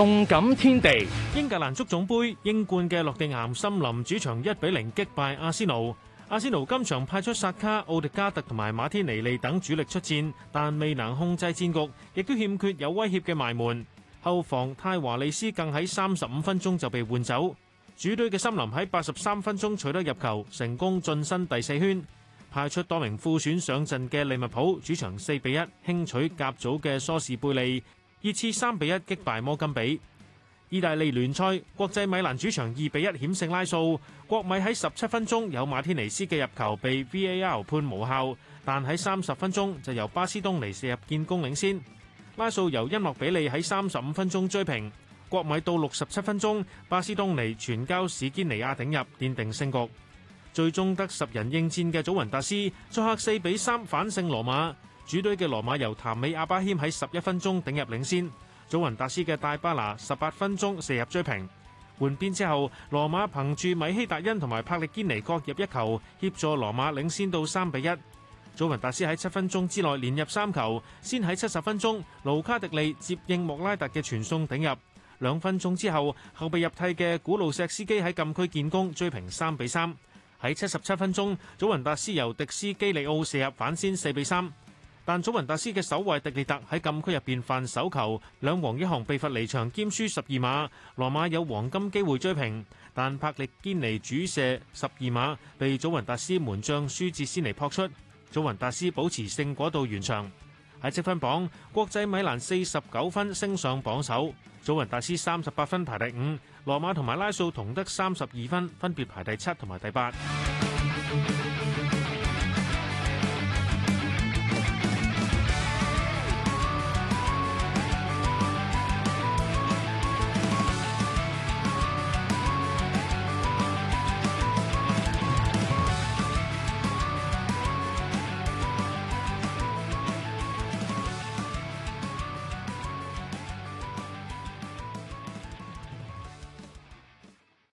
動感天地，英格蘭足總盃，英冠嘅諾定咸森林主場一比零擊敗阿仙奴。阿仙奴今場派出薩卡、奧迪加特同埋馬天尼利等主力出戰，但未能控制戰局，亦都欠缺有威脅嘅埋門。後防泰華利斯更喺三十五分鐘就被換走。主隊嘅森林喺八十三分鐘取得入球，成功晉身第四圈。派出多名副選上陣嘅利物浦主場四比一輕取甲組嘅梳士貝利。熱刺三比一擊敗摩甘比，意大利聯賽國際米蘭主場二比一險勝拉素。國米喺十七分鐘有馬天尼斯嘅入球被 VAR 判無效，但喺三十分鐘就由巴斯東尼射入建功領先。拉素由恩諾比利喺三十五分鐘追平。國米到六十七分鐘，巴斯東尼傳交史堅尼亞頂入奠定勝局。最終得十人應戰嘅祖雲達斯作客四比三反勝羅馬。主隊嘅羅馬由譚美阿巴謙喺十一分鐘頂入領先，祖雲達斯嘅戴巴拿十八分鐘射入追平。換邊之後，羅馬憑住米希達恩同埋帕利堅尼各入一球協助羅馬領先到三比一。祖雲達斯喺七分鐘之內連入三球，先喺七十分鐘盧卡迪利接應莫拉特嘅傳送頂入。兩分鐘之後，後備入替嘅古路石斯基喺禁區建功追平三比三。喺七十七分鐘，祖雲達斯由迪斯基利奧射入反先四比三。但祖雲達斯嘅守衛迪利特喺禁區入邊犯手球，兩黃一紅被罰離場兼輸十二碼。羅馬有黃金機會追平，但柏力堅尼主射十二碼被祖雲達斯門將舒哲斯尼撲出。祖雲達斯保持勝果到完場。喺積分榜，國際米蘭四十九分升上榜首，祖雲達斯三十八分排第五，羅馬同埋拉素同得三十二分，分別排第七同埋第八。